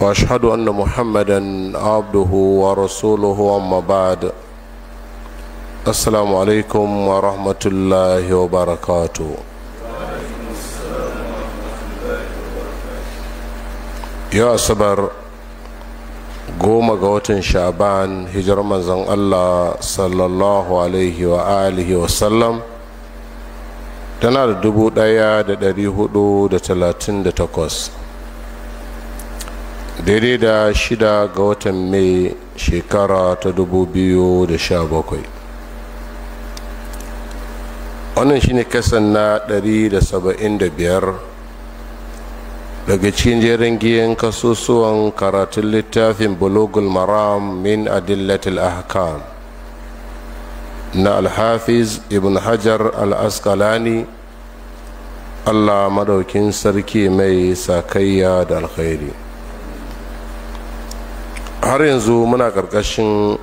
واشهد ان محمدا عبده ورسوله اما بعد السلام عليكم ورحمه الله وبركاته يا صبر goma ga watan sha'ban hijar manzon allah sallallahu alaihi wa alihi wa sallam tana da dubu daya da dari hudu da talatin da takwas daidai da shida ga watan mai shekara ta dubu biyu da sha bakwai wannan shine kasan na dari da saba'in da biyar daga cikin jerin giyan kasusuwan karatun littafin bulogul maram min adillatul ahkam na alhafiz ibn hajar al askalani allah madaukin sarki mai sakayya da alkhairi har yanzu muna ƙarƙashin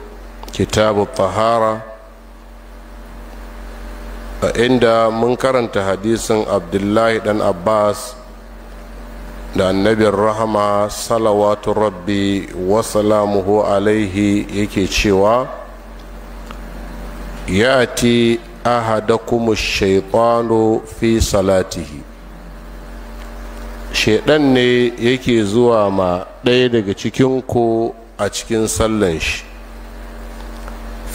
kitabu tahara a inda mun karanta hadisin abdullahi dan abbas da annabin rahama salawatu rabbi salamuhu alaihi yake cewa ya ti kuma shaitanu fi salatihi shaidan ne yake zuwa ma ɗaya daga cikinku a cikin sallan shi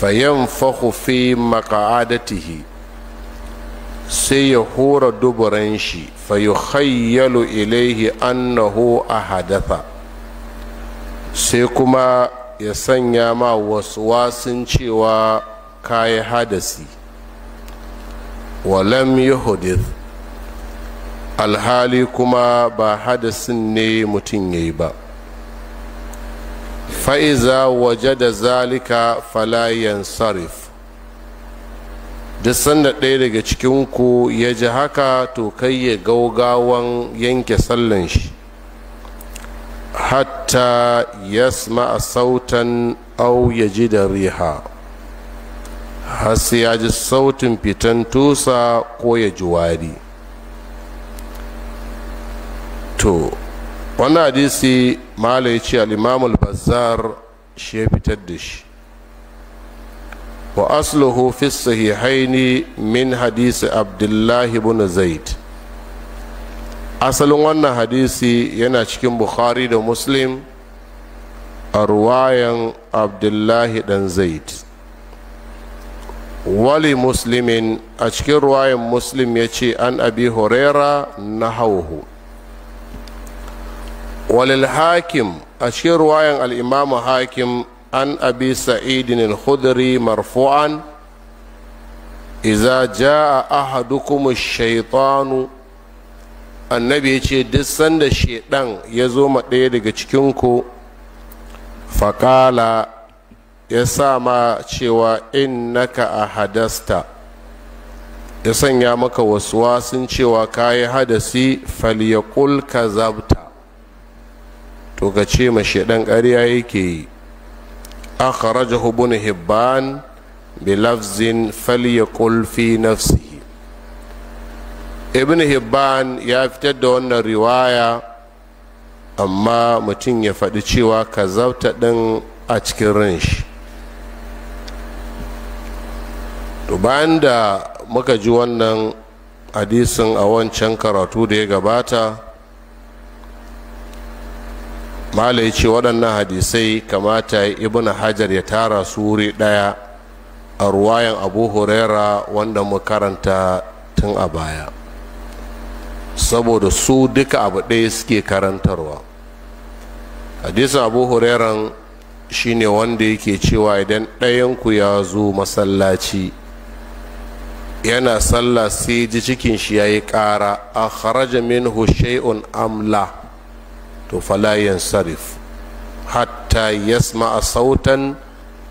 fayan fi maka'adatihi sai ya hura duburan shi fayukhayyalu ilaihi annahu a hadatha sai kuma ya sanya ma wasu wasin cewa kayi hadasi walam yuhdith alhali kuma ba hadasin ne mutum ya yi ba fa'iza waje da zalika falayen sarif duk sanda ɗaya daga cikinku ya ji haka to kai ya gaugawan yanke sallan shi hatta sma a sautan au ya ji da riha hasi ya ji sautin fitan tusa ko ya ji wari to wannan hadisi mala ya ce al'imamul bazar shi ya fitar da shi wa asluhu fi sahihaini min hadisi abdullahi bin zaid asalin wannan hadisi yana cikin bukhari da muslim a ruwayan abdullahi dan zaid wali muslimin a cikin ruwayan muslim ya ce an abi horera na hauhu walil hakim a cikin ruwayan al'imamu hakim an abi sa'idin al marfu'an iza ja'a ahadukum shaitanu annabi ya ce duk sanda shaidan ya zo ma ɗaya daga cikinku faƙala ya sa ma cewa naka a hadasta ya sanya maka wasu wasun cewa kayi hadasi falyakul ka zabta to ka ce ma shaidan ƙarya yake yi akhrajahu ibn hibban bi lafzin falyaqul fi nafsihi ibn hibban ya fitar da wannan riwaya amma mutum ya faɗi cewa ka zauta ɗin a cikin ran shi bayan da muka ji wannan hadisin a wancan karatu da ya gabata malai ce waɗannan hadisai kamata ibn hajar ya tara su wuri ɗaya a ruwayan abu huraira wanda mu karanta tun a baya saboda su duka abu ɗaya suke karantarwa hadisin abu hurairan shine wanda yake cewa idan ɗayanku ya zo masallaci yana sallah sai ji cikin shi ya yi ƙara a kharaja minhu shay'un amla to falayan sarif hatta yasma a sautan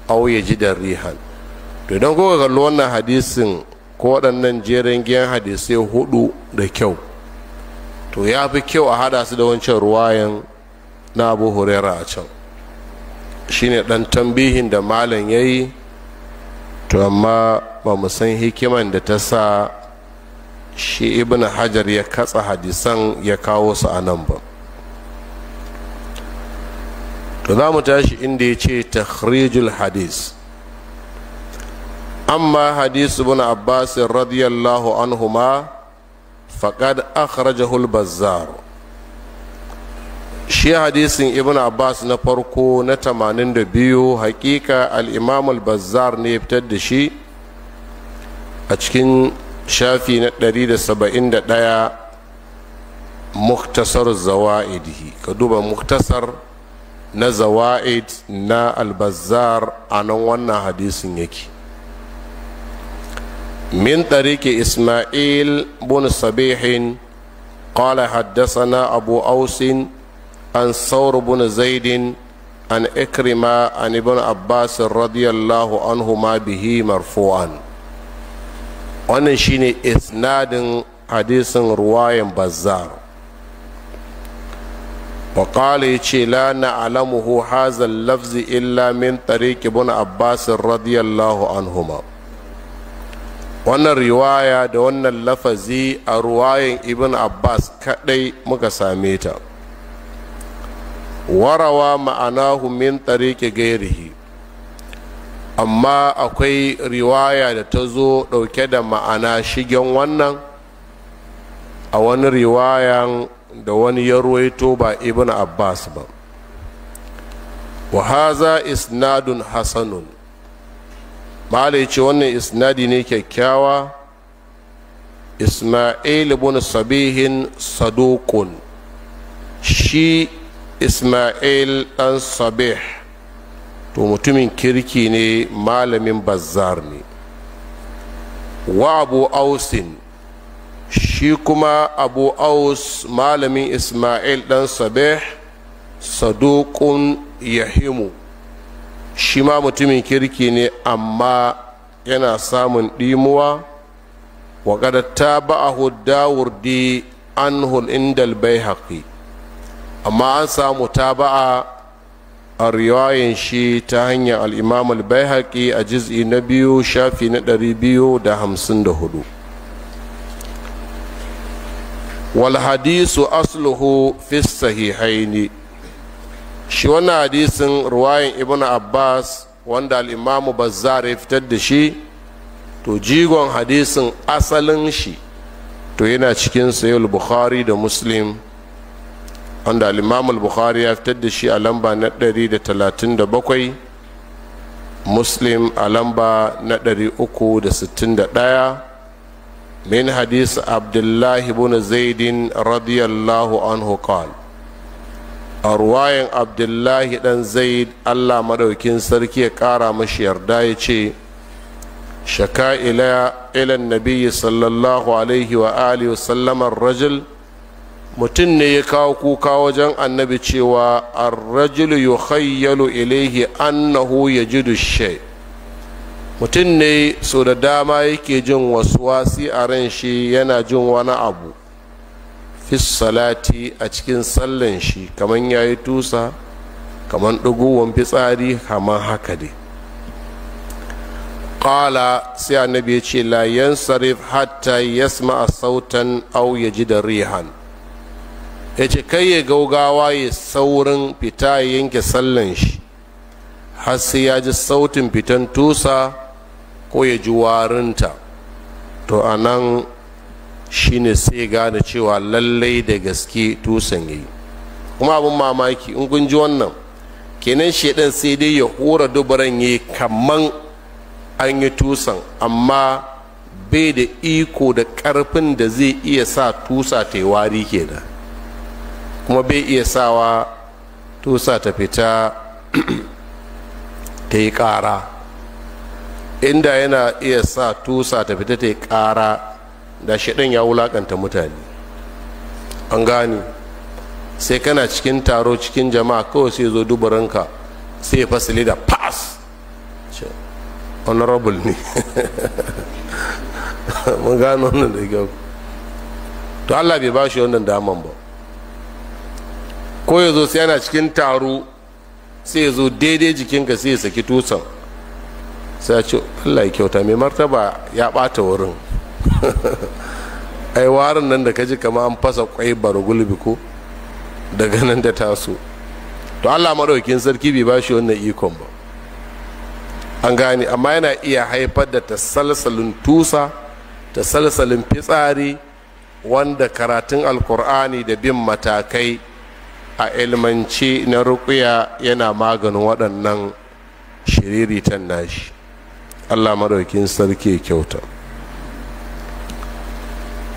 auye jidan rihan to idan kuka kalli wannan hadisin ko waɗannan jerin giyan hadisai hudu da kyau to ya fi kyau a hada su da wancan ruwayan na abu hurera a can shine ɗan tambihin da malam ya yi to amma ba mu san hikiman da ta sa shi ibn hajar ya katsa hadisan ya kawo su a nan ba to za mu tashi inda ya ce takhrijul hadis amma hadisu bin abbas radiyallahu anhuma faqad akhrajahu bazzar shi hadisin ibn abbas na farko na 82 haƙiƙa al-imam al-bazzar ne ya fitar da shi a cikin shafi na 171 muktasar zawa'idihi ka duba muktasar na zawa'id na albazar a nan wannan hadisin yake min tariki isma'il bin sabihin qala Haddasa abu ausin an saur bin zaidin an ikrima an ibn abbas radiyallahu anhu ma bihi marfu'an wannan shine isnadin hadisin ruwayan bazar وقال يشي لا نعلمه هذا اللفظ إلا من طريق ابن عباس رضي الله عنهما wannan riwaya da wannan lafazi a ruwayin ibn abbas kadai muka same ta warawa ma'anahu min tariki gairihi amma akwai riwaya da ta zo dauke da ma'ana shigen wannan a wani riwayan da wani ya ruwaito ba ibn abbas ba wa haza isnadun hasanun malai ce wannan isnadi ne kyakkyawa isma'il ibn sabihin sadukun shi isma'il dan sabih to mutumin kirki ne malamin bazzar ne wa abu ausin shi kuma abu aus malamin ismail dan sabih saduƙun yahimu shi ma mutumin kirki ne amma yana samun dimuwa wa ta ba'ahu dawurdi anhul indal bai haƙi amma an samu ta a riwayin shi ta hanyar al'imam al-bai haƙi a jiz'i na biyu shafi na ɗari biyu da hamsin da hudu wal hadisu asluhu fi sahihaini shi wannan hadisin ruwayin ibn abbas wanda al'imamu bazzar ya fitar da shi to jigon hadisin asalin shi to yana cikin sayul bukhari da muslim wanda al'imamu bukhari ya fitar da shi a lamba na 137 muslim a lamba na ɗaya. من حديث عبد الله بن زيد رضي الله عنه قال أرواي عبد الله بن زيد الله مدوكين سركي قارا مشير دايتشي شكا إلى إلى النبي صلى الله عليه وآله وسلم الرجل mutum ne ya kawo النبي wajen الرجل يخيل arrajulu yukhayyalu يجد الشيء mutum ne so da dama yake jin wasu wasi a ran shi yana jin wani abu fi salati a cikin sallan shi kamar ya yi tusa kamar ɗuguwan fitsari kamar haka dai ƙala sai annabi ya ce layan sarif hatta yasma a sautan au ji da rihan ya ce kai ya gaugawa ya saurin fita yanke sallan shi har sai ya ji sautin fitan tusa ko ya ji warinta to a nan shi ne sai gane cewa lallai da gaske tusan ya yi kuma abin mamaki in kun ji wannan kenan shaidan sai dai ya hura dubaran ya yi kamman an yi tusan amma bai da iko da karfin da zai iya sa tusa ta yi wari kenan kuma bai iya sawa tusa ta fita ta yi ƙara inda yana iya sa tusa ta fita ta kara da shaɗin ya wulaƙanta mutane an gane sai kana cikin taro cikin jama'a kawai sai zo dubaranka sai ya fasili da pass honorable ne mun gano wannan da kyau to allah bai ba shi wannan daman ba ko ya zo sai yana cikin taro sai ya zo daidai jikinka sai ya saki tusan sai a ce allah ya kyauta mai martaba ya bata wurin ai warin nan da ka ji kama an fasa kwai bar gulbi ko daga nan da taso to allah maɗaukin sarki bai ba shi wannan ikon ba an gane amma yana iya haifar da tasalsalin tusa tasalsalin fitsari wanda karatun alkur'ani da bin matakai a ilmance na rukuya yana maganin waɗannan shiriritan nashi allah madaukin sarki ya kyauta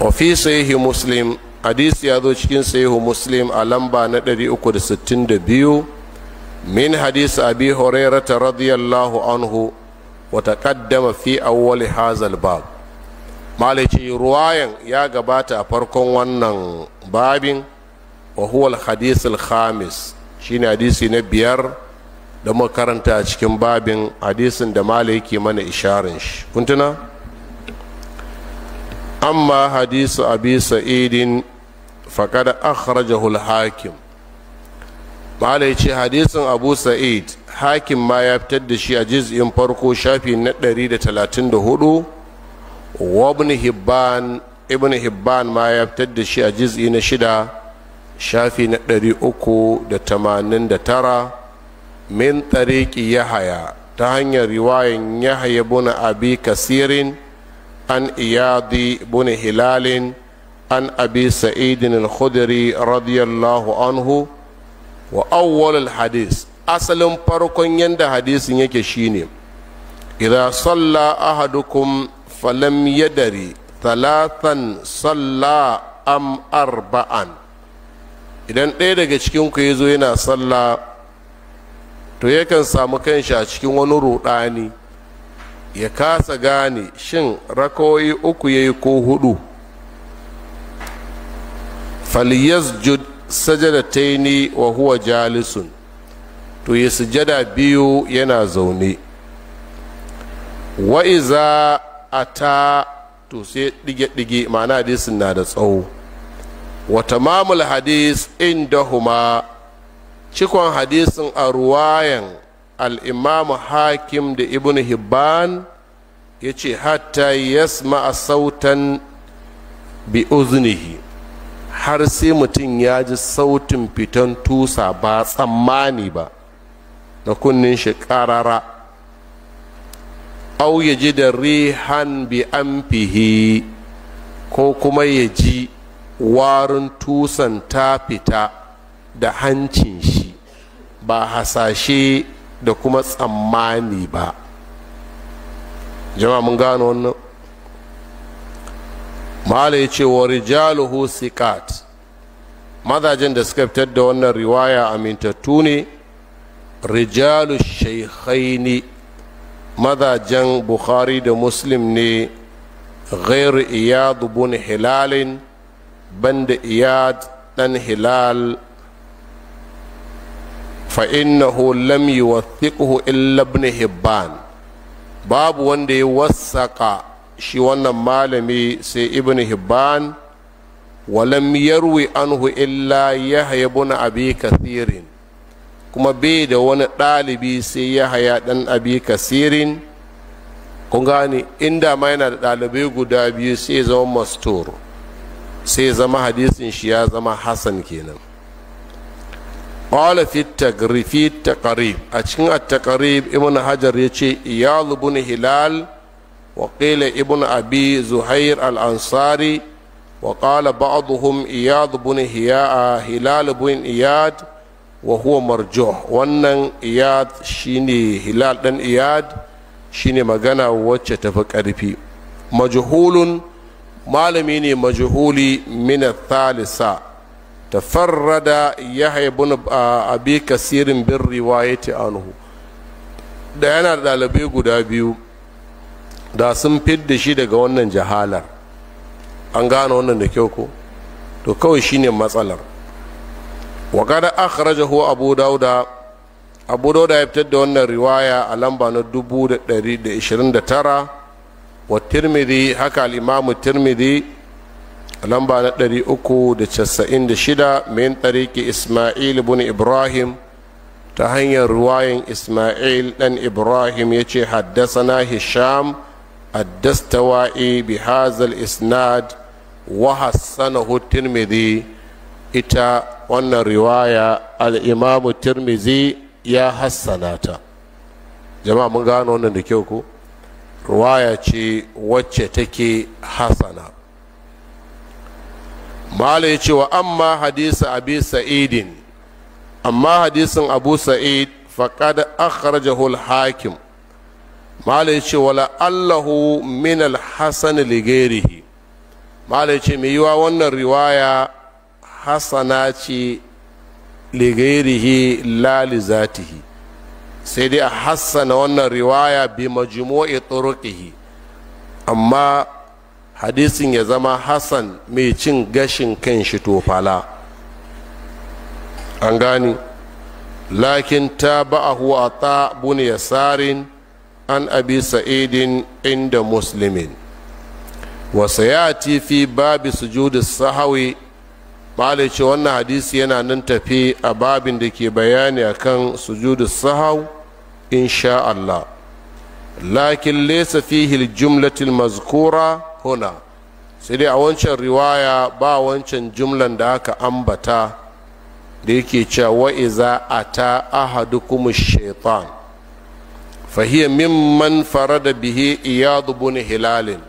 ofi muslim hadisi ya zo cikin sahihu muslim a lamba na 362 min hadisi abi hurairata radiyallahu anhu wa taqaddama fi awwali hazal bab malaci ruwayan ya gabata a farkon wannan babin wa huwa al al khamis shine hadisi na biyar da makaranta a cikin babin hadisin da mala yake mana isharin shi kuntuna amma hadisu abi sa'idin faƙada akhrajahul hakim mala ya hadisin abu sa'id hakim ma ya fitar da shi a jiz'in farko shafi na 134 wabni hibban ibn hibban ma ya fitar da shi a jiz'i na shida shafi na 389 min tariki yahaya ta hanyar riwayan yahaya buna abi kasirin an iyadi buna hilalin an abi sa'idin al-khudri radiyallahu anhu wa awwal hadis asalin farkon yadda hadisin yake shine idza salla ahadukum falam yadari talatan salla am arba'an idan ɗaya daga cikinku ya zo yana sallah to yakan samu kanshi a cikin wani ruɗani ya kasa gane shin rakawai uku ya yi ko hudu falyasjud ni wa huwa jalisun to ya sujada biyu yana zaune wa'iza a ta to sai ɗige-ɗige ma'ana hadisin na da tsawo wa tamamul hadis inda huma cikon hadisin a ruwayan al'imamu hakim da ibn hibban ya ce hatta yasma a sautan bi uznihi har sai mutum ya ji sautin fitan tusa ba tsammani ba da kunnin shi ƙarara au ya ji da rihan bi amfihi ko kuma ya ji warin tusan ta fita da hancin shi ba hasashe da kuma tsammani ba jama'a mun gano wannan mala ya ce wa rijaluhu sikat mazajen da suka fitar da wannan riwaya amintattu ne rijalu shaikhaini mazajen bukhari da muslim ne غير إياد بن هلال بند إياد بن hilal فإنه لم يوثقه إلا wanda ya wasaƙa shi wannan malami sai ibn hibban walam yarwi anhu illa yahya ibn abi kathirin kuma bai da wani ɗalibi sai yahya ɗan abi kathirin kun gane inda ma yana da ɗalibai guda biyu sai zama mastur sai zama hadisin shi ya zama hasan kenan qala fi tagrifi taqrib a cikin at-taqrib ibn hajar ya ce iyad ibn hilal waƙila ibn abi zuhair al-ansari waƙala qala ba'dhum iyad ibn hiya hilal ibn iyad wa huwa marjuh wannan iyad shine hilal dan iyad shine magana wacce tafi ƙarfi. majhulun malami ne majhuli min thalisa tafarrada yahya ibn abi kasirin bin riwayati anhu da yana da ɗalibai guda biyu da sun fidda shi daga wannan jahalar an gane wannan da kyau ko to kawai shine matsalar wa kada aka abu dauda abu dauda ya fitar da wannan riwaya a lamba na 1029 wa tirmidhi haka al-imamu tirmidhi lamba na da shida min tariki ismail ibn ibrahim ta hanyar ruwayin ismail ɗan ibrahim ya ce na hisham addastawa'i bi hazal isnad wa hassanahu tirmidhi ita wannan riwaya al'imamu tirmidhi ya hassana ta jama'a mun gano wannan da kyau ku ruwaya ce wacce take hassana malai cewa amma hadisa abi sa'idin amma hadisin abu sa'id faqad akhrajahu al-hakim malai ce wala allahu min al-hasan lighairihi ce mai yiwa wannan riwaya hasana ce lighairihi la zatihi sai dai a hassana wannan riwaya bi majmu'i turuqihi amma hadisin ya zama hassan mai cin gashin kan shi tofala an gani lakin ta ba'ahu a ta bune tsarin an abi sa'idin inda muslimin wasu ya fi babi sujudu sahawi bale ce wannan hadisi yana nan tafi a babin da ke bayani a akan sujudu sahaw insha Allah lakin laysa fihi jumlatil mazkura huna sai dai a wancan riwaya ba wancan jumlan da aka ambata da yake cewa wa'iza a ta ahadukum shaitan fahiyya mimman da bihi iyadu hilalin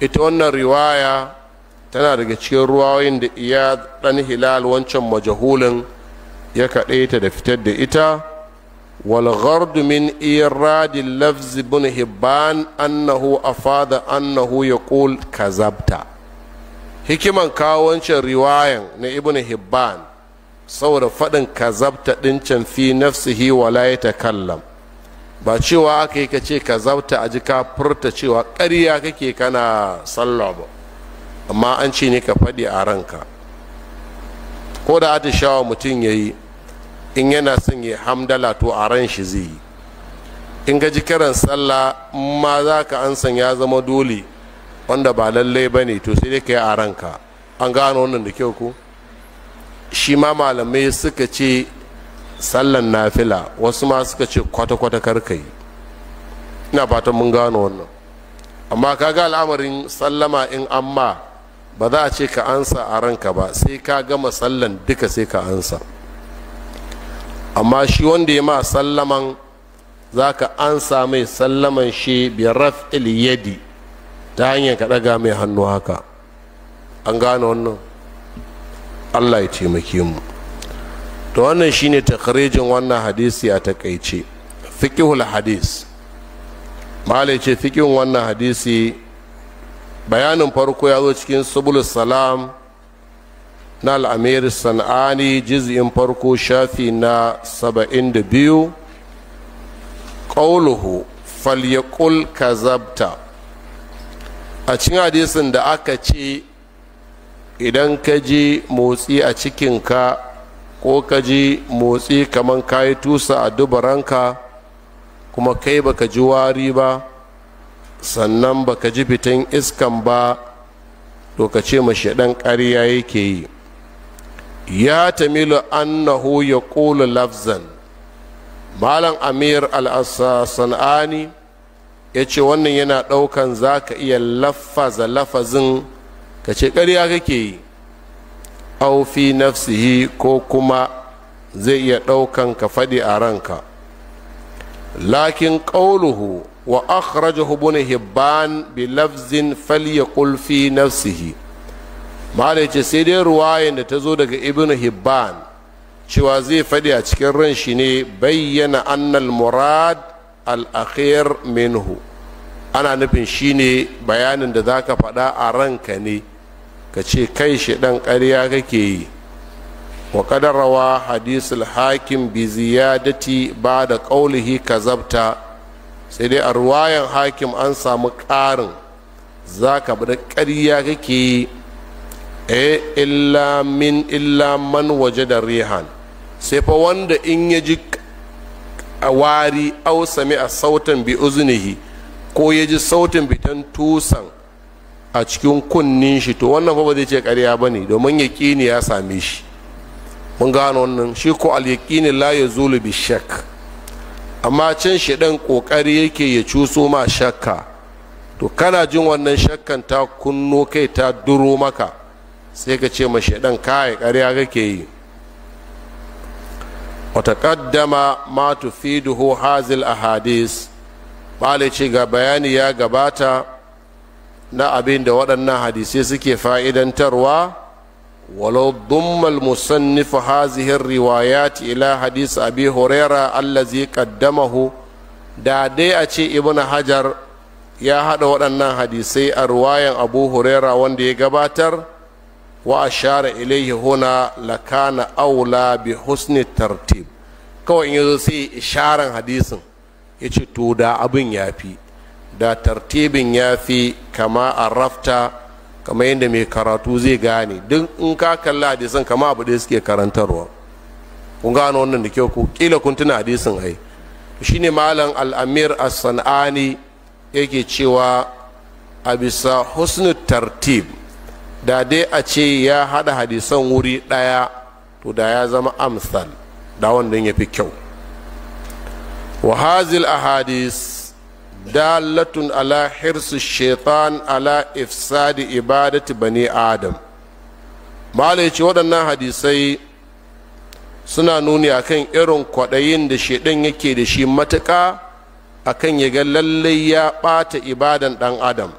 ita wannan riwaya tana daga cikin ruwayoyin da iya dan hilal wancan majahulin ya kaɗe da fitar da ita والغرض من إيراد اللفظ بن هبان أنه أفاد أنه يقول كذبت hikiman kawo wancan riwayan na ibn hibban saboda faɗin kazabta ɗincan fi nafsihi wala ya takallam ba cewa aka yi ka ce kazabta a ji ka furta cewa ƙarya kake kana sallah ba amma an ce ne ka faɗi a ranka ko da atishawa mutum ya yi in yana son ya hamdala to a ran shi zai yi in ga ji kiran sallah ma za ka ansan ya zama dole wanda ba lallai ba ne to sai dai ka yi a ranka an gano wannan da kyau ko shi ma malamai suka ce sallan nafila wasu ma suka ce kwata-kwata karkai ina fatan mun gano wannan amma ka ga al'amarin sallama in amma ba za a ce ka ansa a ranka ba sai ka gama sallan duka sai ka ansa. amma shi wanda ya ma sallaman za ka ansa mai sallaman shi bi yadi ta hanyar ka ɗaga mai hannu haka an gane wannan allah ya taimake mu to wannan shi ne takharijin wannan hadisi a takaice fikihul hadis malai ce fikin wannan hadisi bayanin farko ya zo cikin subul salam na al'amir sana'ani jiz'in farko shafi na 72 ƙauluhu falyakul kazabta a cin hadisin da aka ce idan ka ji motsi a cikinka ko ka ji motsi kamar ka yi tusa a dubaranka kuma kai baka ji wari ba sannan baka ji fitan iskan ba to ka ce mashi ɗan ƙarya yake yi ya tamilu annahu ya kula lafzan malam amir al sanaani ya ce wannan yana ɗaukan za ka iya lafaza lafazin ka ce ƙarya kake yi aufi nafsihi ko kuma zai iya ɗaukan ka faɗi a ranka lakin ƙauluhu wa akhrajahu bune hibban bi lafzin ya fi nafsihi malai ce sai dai ruwayan da ta zo daga ibn hibban cewa zai faɗi a cikin ran shi ne bayyana annal murad al-akhir minhu ana nufin shi ne bayanin da za ka faɗa a ranka ne ka ce kai shi ɗan ƙarya kake yi wa rawa hadisul hakim bi ziyadati ba da ƙaulihi zabta sai dai a ruwayan hakim an samu ƙarin za ka faɗa ƙarya kake yi e illa min illa man waje da rihan sai fa wanda in ya ji a wari au sami a sautan bi uzunihi ko ya ji sautin bitan tusan a cikin kunnin shi to wannan fa ba zai ce karya ba ne domin yaƙini ya same shi mun gano wannan shi ko alyaƙini la ya zulu bi shak amma can shi ɗan ƙoƙari yake ya cuso ma shakka to kana jin wannan shakkan ta kunno kai ta duro maka sai ka ce ma kayan ƙarya kake yi wata ƙaddama ma tufiduhu hazil ahadis ce ga bayani ya gabata na abin da waɗannan hadisai suke fa'idantarwa walau dummal musannifu hazihin riwayat ila hadis abi huraira allazi qaddamahu da dai a ce ibn hajar ya haɗa waɗannan hadisai a ruwayan abu huraira wanda ya gabatar wa ashara ilaihi huna lakana aula bi husni tartib kawai in yazo sai isharan hadisin yace to da abin yafi da tartibin yafi kama arafta kama yadda mai karatu zai gane duk in ka kalla hadisin kama abu da suke karantarwa kun gano wannan da kyau ko kila kun tuna hadisin ai shine malam al-amir as-sanani yake cewa a bisa husnul tartib da dai a ce ya haɗa hadisan wuri ɗaya to da ya zama amsal da wannan ya fi kyau wa hazil ahadis dalatun ala hirsu shaitan ala ifsadi ibadati bani adam malai ce waɗannan hadisai suna nuni akan irin kwaɗayin da shaidan yake da shi matuka akan ya ga lallai ya ɓata ibadan ɗan adam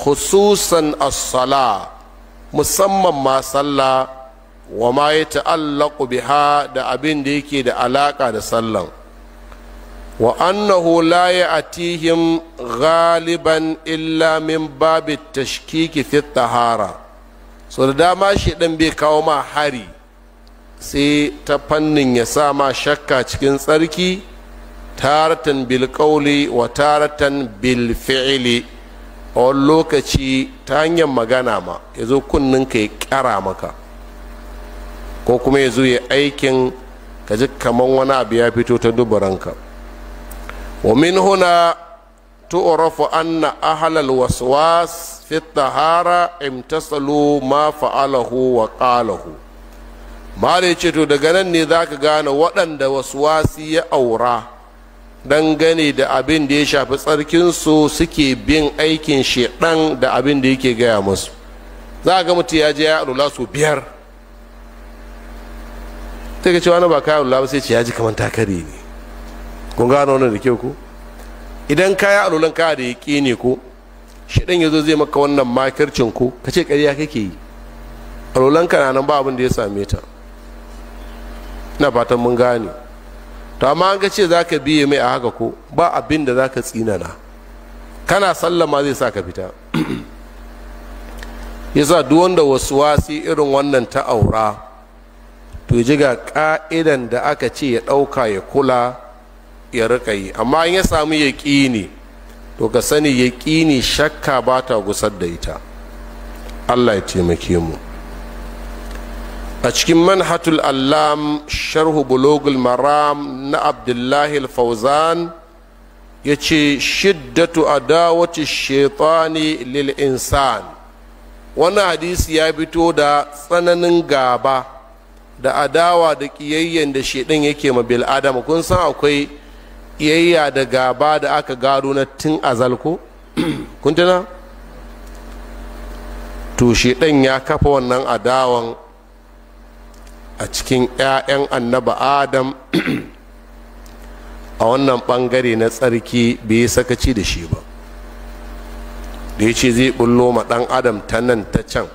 khususan as-sala musamman ma sallah wa ma ya ta'allaqu biha da abin da yake da alaka da sallan wa annahu la ya'tihim ghaliban illa min babi tashkiki fi tahara so da dama shi dan bai kawo ma hari sai ta fannin ya sa ma shakka cikin tsarki taratan bil qawli wa taratan bil fi'li a wani lokaci ta hanyar magana ma ya zo kunninka ya kyara maka ko kuma ya zo ya aikin ka ji kamar wani abu ya fito ta dubaranka wa min huna tu'rafu anna ahlal waswas fi tahara imtasalu ma fa'alahu wa qalahu mare ce to daga nan ne zaka gane waɗanda waswasi ya aura dangane da abin da ya shafi tsarkinsu suke bin aikin shedan da abin da yake gaya musu za a ga mutum ya je ya alula su biyar ta ke cewa na ba kayan alula ba sai ce ya ji kamar takari ne kun gano wannan da kyau ku idan kaya alulan kaya da ya ƙi ne ko shedan ya zo zai maka wannan makircin ku ka ce ƙarya kake yi alulan ka nan ba abin da ya same ta ina fatan mun gane to amma an ga ce za ka biye mai a haka ko ba abin da za ka tsinana kana sallama zai sa ka fita yasa duk wanda wasu wasi irin wannan ta aura to ji ga ka'idan da aka ce ya ɗauka ya kula ya rika yi amma in ya samu ya ƙini to ka sani ya ƙini shakka ba ta gusar da ita allah ya taimake mu a cikin manhatul allam sharhu bulogul maram na abdullahi al-fauzan ya ce shiddatu adawati shaitani lil insan wani hadisi ya fito da tsananin gaba da adawa da ƙiyayyen da shaidan yake ma bil adam kun san akwai ƙiyayya da gaba da aka gado na tun azal kun tuna to shaidan ya kafa wannan adawan a cikin 'ya'yan annaba adam a wannan bangare na tsarki bai sakaci da shi ba da ya ce zai bullo ma ɗan adam ta nan ta can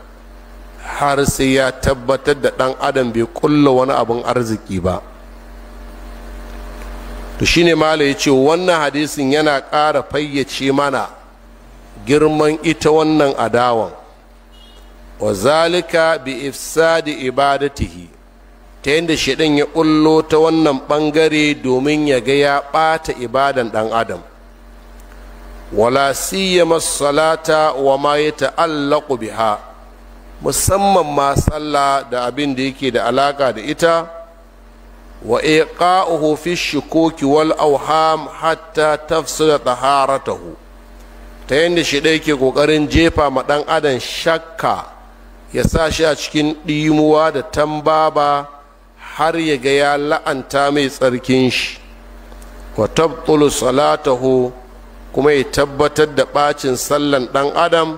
har sai ya tabbatar da ɗan adam bai kulla wani abin arziki ba to shine mala ya ce wannan hadisin yana ƙara fayyace mana girman ita wannan adawan wa zalika bi ifsadi ibadatihi ta yadda shaidan ya ƙullo ta wannan ɓangare domin ya ga ya ɓata ibadan ɗan adam wala siyama masalata wa ma ya ta'allaku biha musamman ma sallah da abin da yake da alaka da ita wa iqa'uhu fi shukuki wal auham hatta tafsida taharatahu ta yadda shaidan yake ƙoƙarin jefa ma ɗan adam shakka ya sa shi a cikin ɗimuwa da tambaba har ya ga ya la'anta mai tsarkin shi wa tabtulu salatahu kuma ya tabbatar da bacin sallan ɗan adam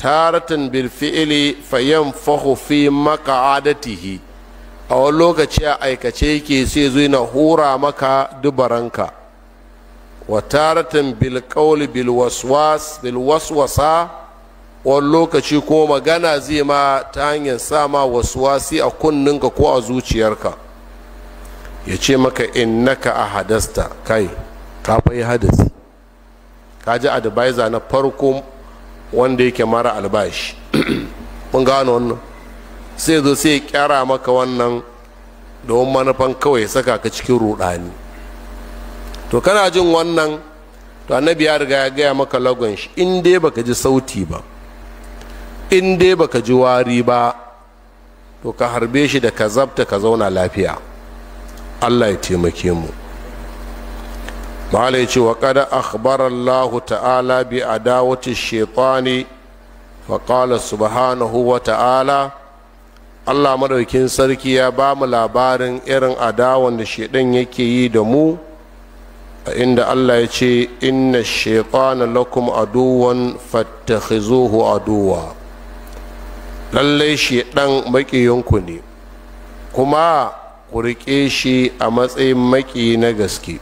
taratin bil fi'ili fayan fahu fi adatihi a wani lokaci a aikace yake sai zo na hura maka dubaranka wa taratin bil qawli bil waswasa wani lokaci ko magana zai ma ta hanyar sama wasu wasi a kunninka ko a zuciyarka ya ce maka innaka a hadasta kai ka fai hadasi ka ji na farko wanda yake mara albashi mun gano wannan sai zo sai ya kyara maka wannan domin manufan kawai saka ka cikin rudani to kana jin wannan to annabi ya riga ya gaya maka lagon shi in dai baka ji sauti ba in dai baka ji wari ba to ka harbe shi da ka zabta ka zauna lafiya allah ya taimake mu malai ce wa kada akhbarallahu ta'ala bi adawati shaitani fa qala subhanahu wa ta'ala allah madaukin sarki ya ba mu labarin irin adawan da shaidan yake yi da mu a inda Allah ya ce inna shaitana lakum aduwan fattakhizuhu aduwa lallai shi ɗan maƙiyinku ne kuma ku riƙe shi a matsayin maƙi na gaske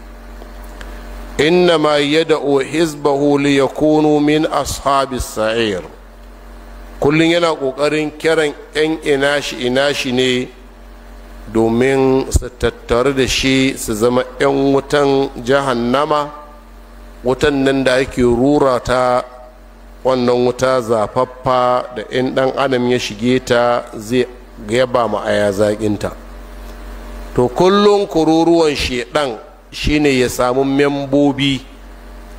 inna ma yada'u hizbahu li yakunu min ashabi sa'ir kullum yana ƙoƙarin kiran 'yan ina shi ina shi ne domin su tattaru da shi su zama 'yan wutan jahannama wutan nan da ake rurata. wannan wuta zafaffa da in ɗan adam ya shige ta zai yaba ma aya zaƙinta to kullum kururuwan shedan shine ya samu membobi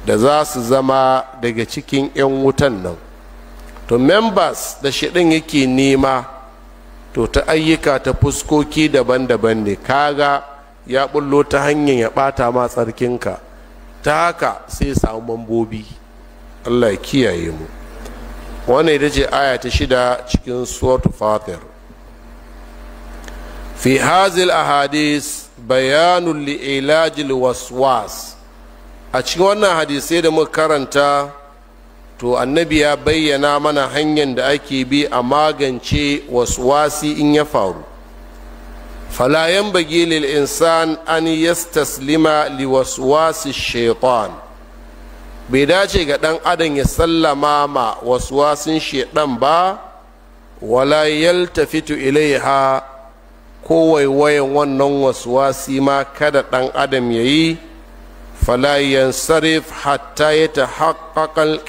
da za su zama daga cikin 'yan wutan nan to members da shedan yake nema to ta ayyuka ta fuskoki daban-daban ne kaga ya bullo ta hanyar ya ɓata ma tsarkinka ta haka sai samu mambobi allah ya kiyaye mu wannan ita ce aya ta shida cikin suwatu fatir fi hazil ahadis bayanun li'ilajil waswas a cikin wannan hadisai da muka karanta to annabi ya bayyana mana hanyar da ake bi a magance waswasi in ya faru falayen bagilil insan an yastaslima waswasi shaitan bai dace ga ɗan adam ya sallama ma wasu wasun shaɗan ba wala yaltafitu ilaiha ko wayan wannan wasu wasi ma kada ɗan adam ya yi fala sarif hatta ya ta haƙaƙal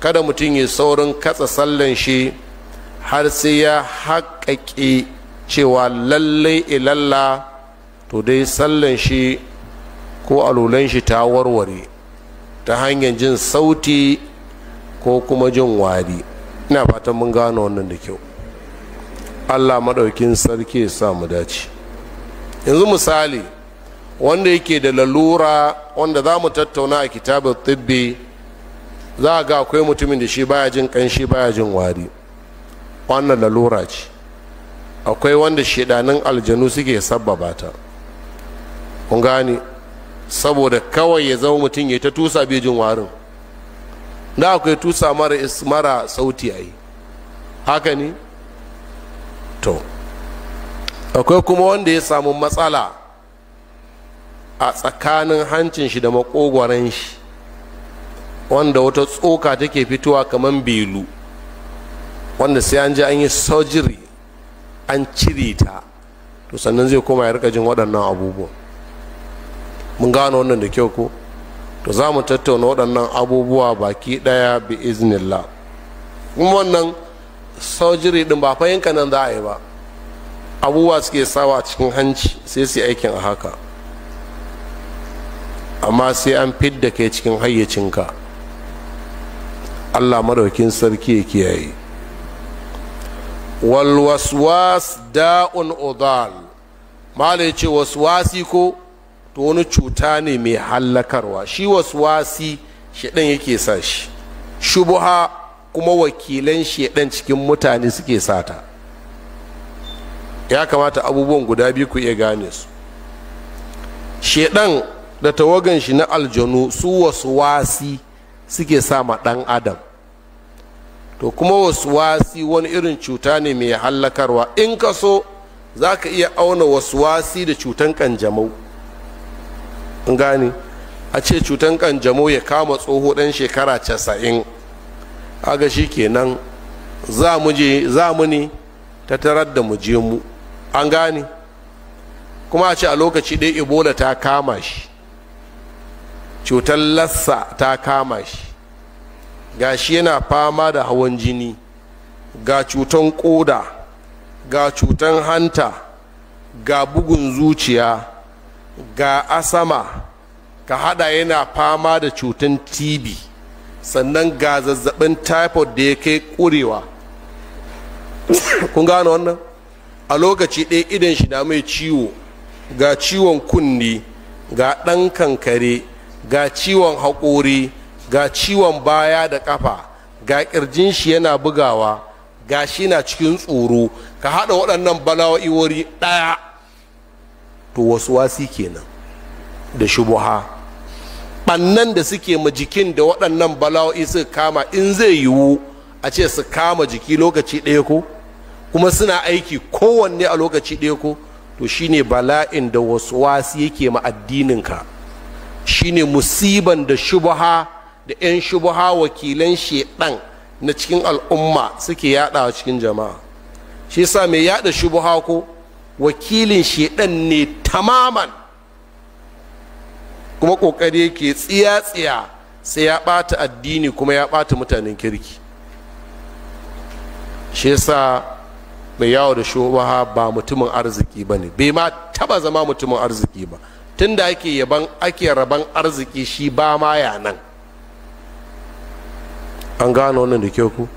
kada mutum ya saurin katsa sallan shi har sai ya haƙaƙe cewa lallai ilalla to dai sallan shi ko alulan shi ta warware ta hanyar jin sauti ko kuma jin wari ina fatan mun gano wannan da kyau allah maɗaukin sarki ya sa mu dace yanzu misali wanda yake da lalura wanda za mu tattauna a kitabin tibbi za a ga akwai mutumin da shi baya jin ƙanshi baya jin wari wannan lalura ce akwai wanda shidanin aljanu suke sabbaba ta saboda kawai ya zama mutum ya ta tusa bai jin warin da akwai tusa mara mara sauti a yi haka ne to akwai kuma wanda ya samu matsala a tsakanin hancin shi da makogwaron shi wanda wata tsoka take fitowa kamar belu wanda sai an ji an yi sojiri an cire ta to sannan zai koma ya rika jin waɗannan abubuwan mun gano wannan da kyau ko to za mu tattauna waɗannan abubuwa baki ɗaya bi iznillah kuma wannan saujiri ɗin ba fahimka nan za a yi ba abubuwa suke sawa cikin hanci sai su aikin a haka amma sai an fidda kai cikin hayyacinka allah madaukin sarki ya kiyaye walwaswas da'un udal mala ya ce waswasi ko to wani cuta ne mai hallakarwa shi waswasi shedan yake sa shi shubuha kuma wakilan shedan cikin mutane suke sata ya kamata abubuwan guda biyu ku iya gane su shaɗan da tawagan shi na aljanu su wasu wasi suke sa ma ɗan adam to kuma wasu wasi wani irin cuta ne mai hallakarwa in ka so za ka iya auna wasu wasi da cutan kanjamau an gane a ce cutan kanjamo ya kama tsoho dan shekara casa'in aga shi kenan za mu ne ta tarar da mu je mu an gane kuma a ce a lokaci ɗaya ebola ta kama shi cutar lassa ta kama shi ga shi yana fama da hawan jini ga cutan koda ga cutan hanta ga bugun zuciya ga asama ka hada yana fama da cutan tb sannan ga zazzabin typhoid da ya kai kurewa kun gano wannan a lokaci ɗaya idan shi na mai ciwo ga ciwon kunni ga ɗan kankare ga ciwon haƙori ga ciwon baya da ƙafa ga ƙirjin shi yana bugawa ga shi na cikin tsoro ka haɗa waɗannan bala'o'i wuri ɗaya to wasu wasi kenan da shubuha bannan da suke ma jikin da waɗannan bala'o'i suka kama in zai yiwu a ce su kama jiki lokaci ɗaya ko kuma suna aiki kowanne a lokaci ɗaya ko to shine bala'in da wasu wasi yake ma addininka shine musiban da shubuha da 'yan shubuha wakilan shedan na cikin al'umma suke yada cikin jama'a shi yasa mai yada shubuha ko wakilin shedan ne tamaman kuma kokari yake tsiya-tsiya sai ya ɓata addini kuma ya bata mutanen kirki shi yasa mai yawo da shubaha ba mutumin arziki ba ne bai ma taba zama mutumin arziki ba tun da ake yaban ake raban arziki shi ba ma ya nan an gano wannan da kyau ku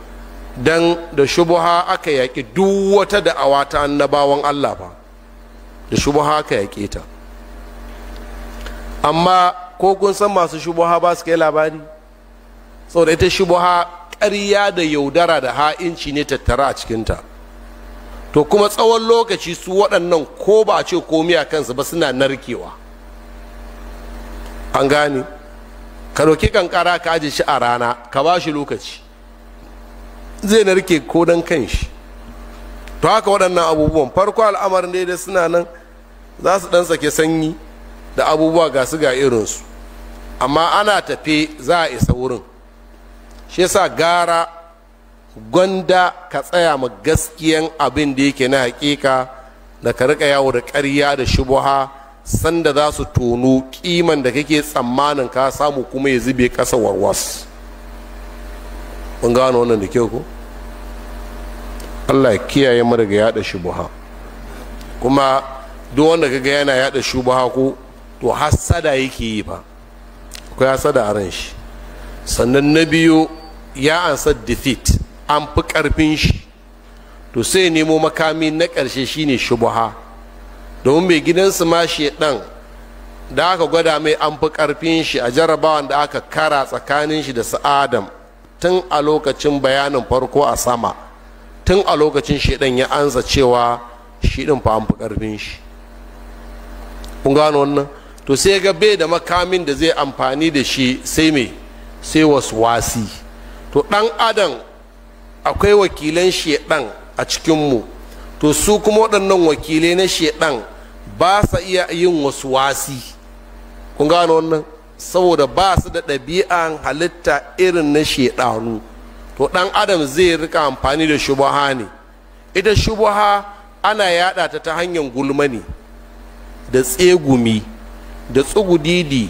Dan da shubuha aka yaƙi duk wata da'awa ta annabawan Allah ba da shubuha aka yaƙe ta amma ko kun san masu shubuha ba su kai labari saboda ita shubuha ƙarya da yaudara da ha'inci ne tattara a cikinta to kuma tsawon lokaci su waɗannan ko ba a ce komi a kansu ba suna narkewa an gane ka ɗauki kankara ka aje shi a rana ka ba shi lokaci zai narke ko don shi to haka waɗannan abubuwan farko al'amarin ne da suna nan za su ɗan sake sanyi da abubuwa ga su ga irinsu amma ana tafe za a isa wurin shi yasa gara gwanda ka tsaya ma gaskiyan abin da yake na hakika da ka rika yawo da ƙarya da shubuha sanda za su tono kiman da kake tsammanin ka samu kuma ya zube ƙasa warwas mun gano wannan da kyau ko allah kiyaye mu daga yada shubuha kuma duk wanda kaga yana yada shubuha ko to hasada yake yi fa akwai hasada a ran shi sannan na biyu ya ansa defeat an fi karfin shi to sai nemo makami na karshe shine shubuha domin mai gidansu ma shi dan da aka gwada mai an fi karfin shi a jarabawan da aka kara tsakanin shi da su adam tun a lokacin bayanin farko a sama tun a lokacin shedan ya ansa cewa shi fa an fi karfin shi kun gano wannan to sai ga bai da makamin da zai amfani da shi sai me sai waswasi to dan adam akwai wakilan shedan a cikinmu to su kuma waɗannan wakilai na shedan ba sa iya yin waswasi kun gano wannan saboda ba su da ɗabi'an halitta irin na shaidanu to ɗan adam zai rika amfani da shubaha ne ita shubaha ana yada ta ta hanyar gulma ne da tsegumi da tsugudidi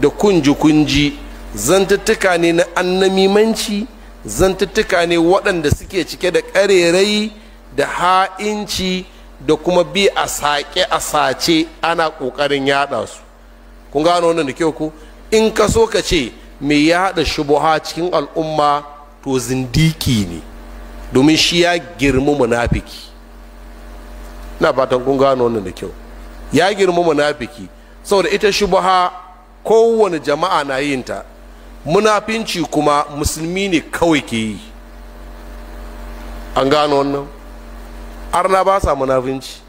da kunji-kunji zantattuka ne na annamimanci zantattuka ne waɗanda suke cike da ƙarerai da ha'inci da kuma bi a saƙe a sace ana ƙoƙarin yaɗa su kun gano wannan da kyau ku in ka so ka ce mai ya haɗa shubuha cikin al'umma to zindiki ne domin shi ya girmi munafiki na fatan kun gano wannan da kyau ya girmi munafiki saboda ita shubuha kowane jama'a na yin ta munafinci kuma musulmi ne kawai ke yi an gano wannan arna ba sa munafinci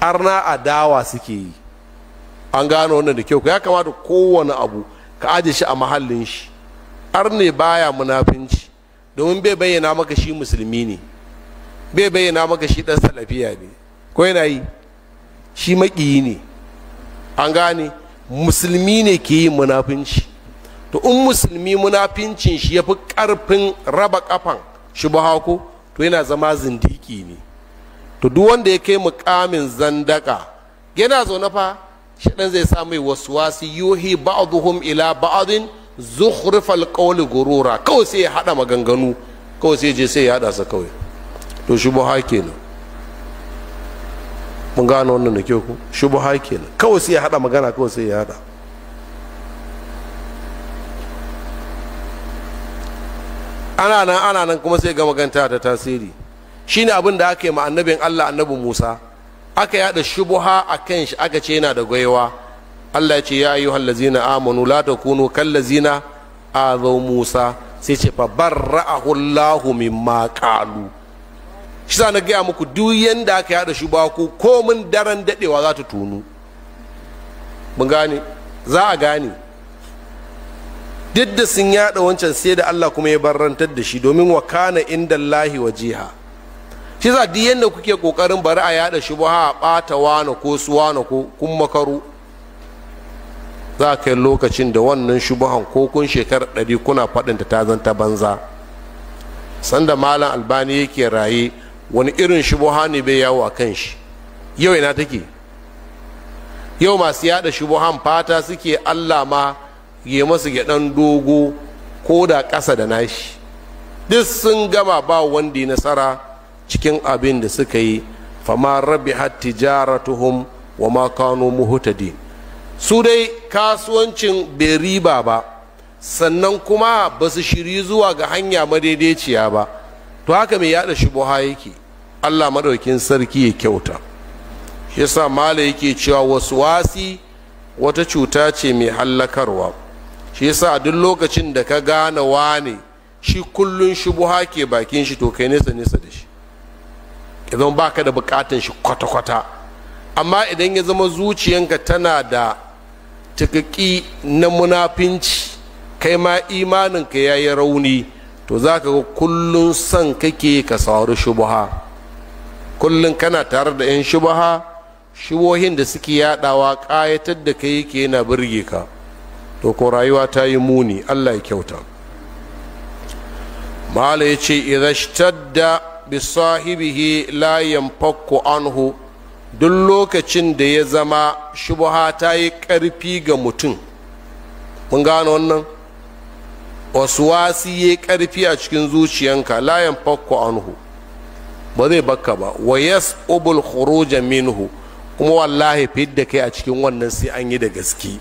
arna adawa suke yi an gano wannan da kyau ya kamata kowane abu ka aje shi a mahallin shi har ne baya munafinci domin bai bayyana maka shi musulmi ne bai bayyana maka shi ɗan salafiya ne ko yana yi shi maƙiyi ne an gane musulmi ne ke yi munafinci to in musulmi munafincin shi ya fi ƙarfin raba ƙafan shi ko to yana zama zindiki ne to duk wanda ya kai mukamin zandaka yana zaune fa shaɗan zai sa mai yi yuhi ba'dhum ila ba'adin zuhrifal qawli gurura kawai sai ya haɗa maganganu kawai sai je sai ya haɗa sa kawai to shubuha kenan mun gano wannan da kyau ku shubuha kenan kawai sai ya haɗa magana kawai sai ya haɗa ana nan ana nan kuma sai ga maganta ta tasiri shine abin da aka yi ma annabin Allah annabi Musa aka yada shubuha a kan shi aka ce yana da gwaiwa Allah ya ce ya ayyuhal ladzina amanu la takunu kal lazina azaw Musa sai ce fa barra'ahu Allahu mimma qalu shi sa na gaya muku duk yanda aka yada shubuha ku komin daren dadewa za ta tunu mun gane za a gane duk da sun yada wancan sai da Allah kuma ya barantar da shi domin wa kana inda wa wajiha shi za duk yadda kuke kokarin bari a yada shi ba a bata wane ko su wane ko kun makaru za kai lokacin da wannan shubuhan ko kun shekar ɗari kuna faɗinta ta zanta banza sanda malam albani yake raye wani irin shubuha ne bai yawo a kan shi yau ina take yau masu yada shubuhan fata suke allah ma ya masu gyaɗan dogo ko da ƙasa da nashi duk sun gama ba wanda nasara cikin abin da suka yi fama rabihat tijaratuhum wa ma kanu su dai kasuwancin bai riba ba sannan kuma ba su shiri zuwa ga hanya madaidaiciya ba to haka mai yada shubuha yake Allah maɗaukin sarki ya kyauta shi yasa mala yake cewa wasu wasi wata cuta ce mai hallakarwa shi yasa duk lokacin da ka gane wane shi kullun buha ke bakin shi to kai nisa-nisa da shi ya zama baka da bukatan shi kwata-kwata amma idan ya zama zuciyanka tana da tikaki na munafinci kai ma imaninka ya yi rauni to za ka ga kullum son kake ka sauri shubuha kullum kana tare da 'yan shubuha shubohin da suke yadawa kayatar da kai yake yana birge ka to ko rayuwa ta yi muni allah ya kyauta mala ya ce idan tadda. bisahibihi la yanfakku anhu duk lokacin da ya zama shubha ta yi ƙarfi ga mutum mun gano wannan wasuwasi ya yi ƙarfi a cikin zuciyanka la yanfakku anhu ba zai bakka ba wa yas'ubul khuruja minhu kuma wallahi da kai a cikin wannan sai an yi da gaske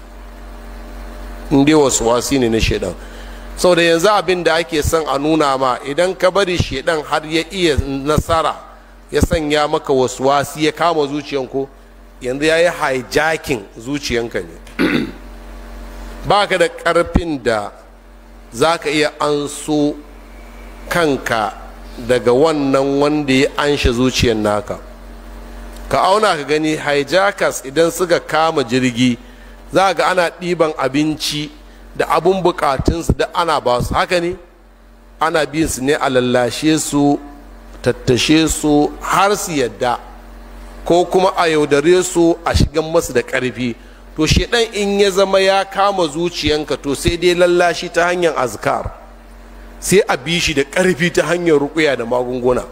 in wasu wasuwasi ne na shaidan sau da yanzu abin da ake son a nuna ma idan ka bari shedan har ya iya nasara ya sanya maka wasu wasi ya kama zuciyanku yanzu ya yi hijacking zuciyanka ne ba ka da ƙarfin da za ka iya anso kanka daga wannan wanda ya ansha zuciyan naka ka auna ka gani hijackers idan suka kama jirgi za ga ana ɗiban abinci da abun bukatunsu da ana ba su haka ne ana bin su ne a lallashe su tattashe su har su yadda ko kuma a yaudare su a shigan masu da ƙarfi to shedan in ya zama ya kama zuciyanka to sai dai lallashi ta hanyar azkar sai a bi shi da ƙarfi ta hanyar rukuya da magunguna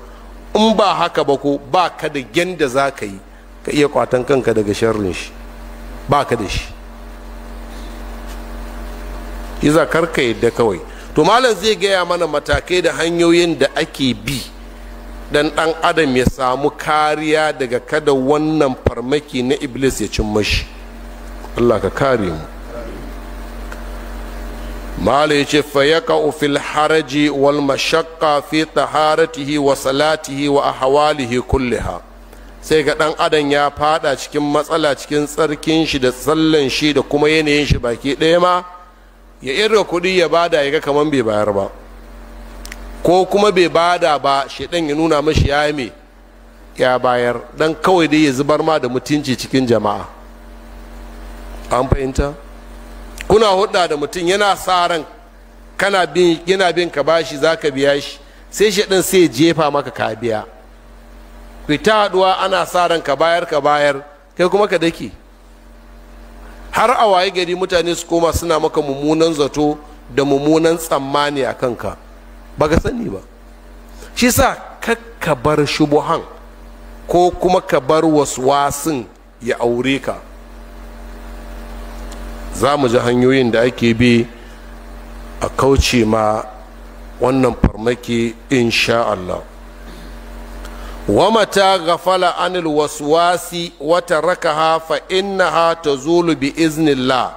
in ba haka ba ko ba ka da yanda za ka yi ka iya kwatan kanka daga sharrin shi ba ka da shi iza karka yadda kawai to malam zai gaya mana matakai da hanyoyin da ake bi dan dan adam ya samu kariya daga kada wannan farmaki na iblis ya cin mashi allah ka kare mu malam ya ce fayaka ufil haraji wal mashakka fi taharatihi wa salatihi wa ahwalihi kulliha sai ga ɗan adam ya fada cikin matsala cikin tsarkin shi da tsallan shi da kuma yanayin shi baki ɗaya ma ya irga kuɗi ya bada ya ga kaman bai bayar ba ko kuma bai bada ba shaidan ya nuna mashi ya me ya bayar don kawai dai ya zubar ma da mutunci cikin jama'a an fahimta kuna hudda da mutum yana sa ran kana bin yana bin ka bashi zaka biya shi sai shaidan sai jefa maka ka biya fita ta haduwa ana sa ran ka bayar ka bayar kai kuma ka dake har a waye gari mutane su koma suna maka mummunan zato da mummunan tsammani a kanka ba ka sani ba shi sa ka bar shubuhan ko kuma ka bar wasu waswasin ya aure ka za mu ji hanyoyin da ake bi a kauce ma wannan farmaki insha Allah wata غفل عن الوسواس وتركها ta تزول بإذن الله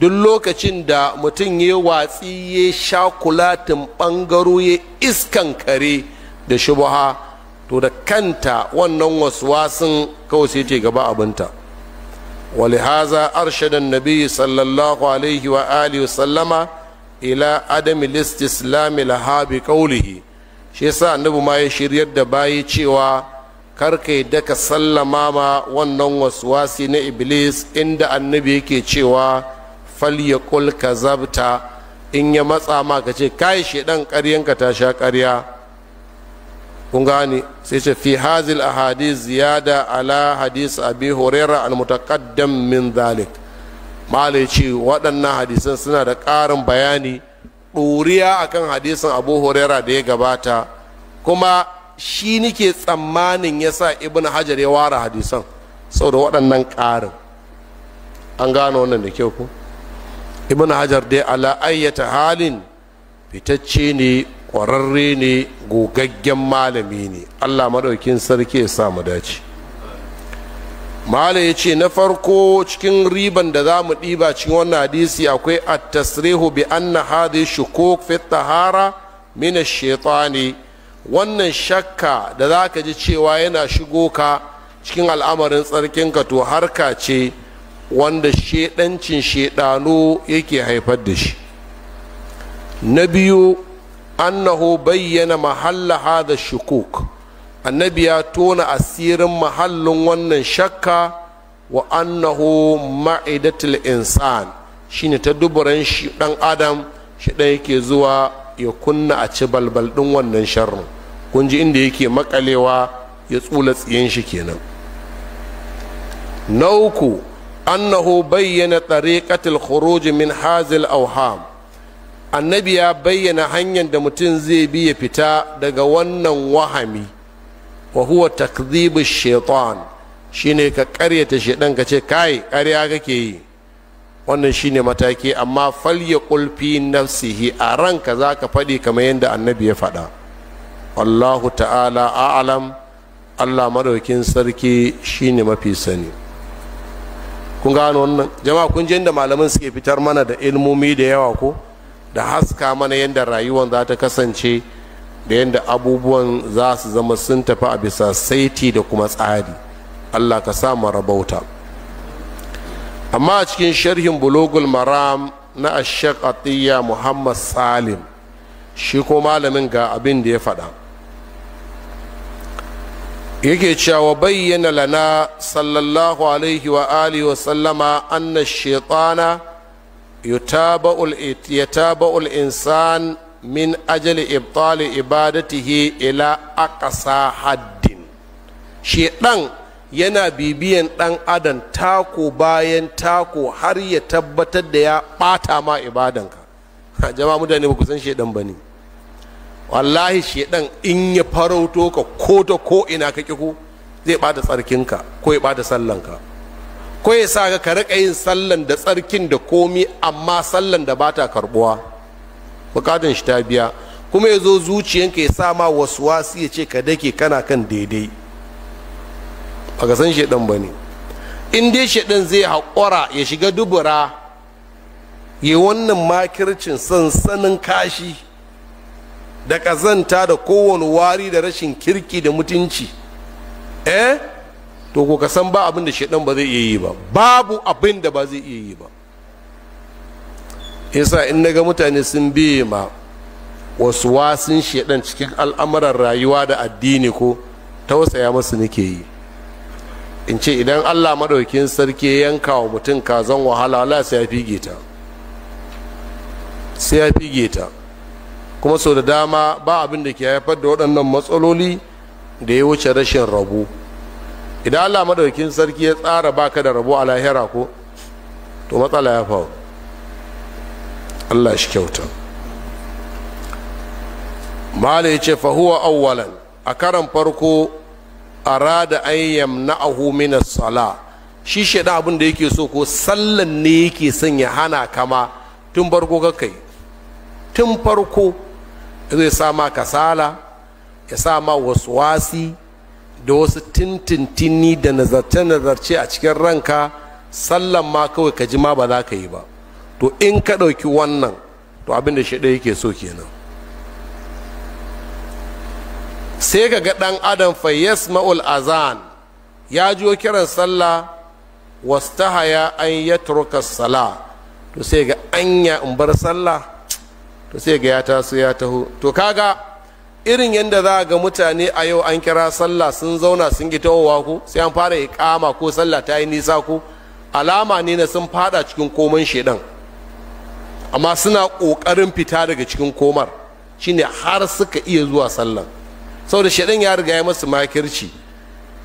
duk lokacin da mutum ya watsi ya sha shakulatin ɓangaro ya iskan kare da shubuha to da kanta wannan waswasin kawai sai ce gaba abinta wali haza arshadan nabi sallallahu alaihi wa alihi ila adami listis habi kaulihi shi yasa annabi ma ya shiryar da bayi cewa karka yi daka sallama ma wannan wasuwasi na iblis inda annabi yake cewa kulka zabta in ya matsa ma ka ce kai shaidan ƙaryanka ta sha karya kun gani sai ce fi hazil ahadith ziyada ala hadis abi hurairah al mutaqaddam min zalik malai ce waɗannan hadisan suna da ƙarin bayani ɗoriya kan hadisin abu huraira da ya gabata kuma shi nike tsammanin ya sa ibn hajar ya ware hadisan saboda waɗannan ƙarin an gano wannan da kyau ko ibn hajar dai ala ayyata halin fitacce ne ƙwararre ne gogaggen malami ne allah maɗaukin sarki ya samu dace malam ya ce na farko cikin riban da za mu ɗiba cikin wannan hadisi akwai a tasrihu bi anna hadhihi shukuk fi tahara min ash-shaytani wannan shakka da za ka ji cewa yana shigo ka cikin al'amarin tsarkin ka to harka ce wanda shedancin shedano yake haifar da shi na biyu annahu bayyana mahalla hada shukuk annabi ya tona asirin mahallin wannan shakka wa annahu ma'idatul insan shine ta duburan shi dan adam shi dan yake zuwa ya kunna a ci balbal ɗin wannan sharrin kun ji inda yake makalewa ya tsula tsiyen shi kenan na uku annahu bayyana tariqatul khuruj min hazil auham annabi ya bayyana hanyar da mutum zai bi ya fita daga wannan wahami wa huwa takdhibu shaitan shine ka ta shaidan ka ce kai karya kake yi wannan shine mataki amma falya kulfi nafsihi a ranka za ka faɗi kamar yadda annabi ya faɗa allahu ta'ala a'alam allah madaukin sarki shine mafi sani kun gano wannan jama'a kun je inda malaman suke fitar mana da ilmomi da yawa ko da haska mana yadda rayuwan za ta kasance da yadda abubuwan za su zama sun tafi a bisa saiti da kuma tsari allah ka sa marabauta amma a cikin sharhin bulogul maram na ashek muhammad salim shi ko malamin ga abin da ya faɗa yake cewa bayyana lana sallallahu alaihi wa alihi wa sallama anna ya yutaba'ul insan min ajali ibtali ibadatihi ila aqsa haddin shedan yana bibiyan ɗan adam tako bayan tako har ya tabbatar da ya ɓata ma ibadanka jama'a mutane ba ku san shedan ba wallahi shedan in ya farauto ka ko ta ko ina ka ko zai ɓata tsarkinka ko ya sallanka ko ya sa ka rika yin sallan da tsarkin da komi amma sallan da bata karbuwa. bukatan shi ta biya kuma ya zo zuciyanka ya sa ma wasu wasu ya ce ka dake kana kan daidai ba ka san shaidan ba ne in dai shaidan zai haƙura ya shiga dubura ya wannan makircin sansanin kashi da kazanta da kowane wari da rashin kirki da mutunci eh to ko ka san ba abin da shaidan ba zai iya yi ba babu abin da ba zai iya yi ba yasa in naga mutane sun biye ma wasu wasun shedan cikin al'amuran rayuwa da addini ko tausaya masu nake yi in ce idan allah maɗaukin sarki yanka wa mutum kazan wahala wala sai ya fige ta sai ya fige ta kuma sau da dama ba abin da ke haifar da waɗannan matsaloli da ya wuce rashin rabu idan allah maɗaukin sarki ya tsara baka da rabo a lahira ko to matsala ya faru allah shi kyauta Malai ya ce fahuwa awwalan a karan farko arada an yamna'ahu min as-sala shi shaɗa abin da yake so ko sallan ne yake son ya hana kama tun farko kai tun farko zai sa ma kasala ya sa ma wasi da wasu tintintini da nazarce-nazarce a cikin ranka sallan ma kawai ka ji ma ba za ka yi ba to in ka ɗauki wannan to abin da shaɗe yake so kenan sai ka ga ɗan adam fa ma'ul azan ya jiyo kiran sallah ta haya an yatruka sala to sai ga anya in bar sallah to sai ga ya taso ya taho to kaga irin yadda za ga mutane a yau an kira sallah sun zauna sun yi tahowa ko sai an fara iqama ko sallah ta yi nisa ko alama ne na sun fada cikin komai shedan amma suna ƙoƙarin fita daga cikin komar shine har suka iya zuwa sallan saboda shaɗan ya riga ya masu makirci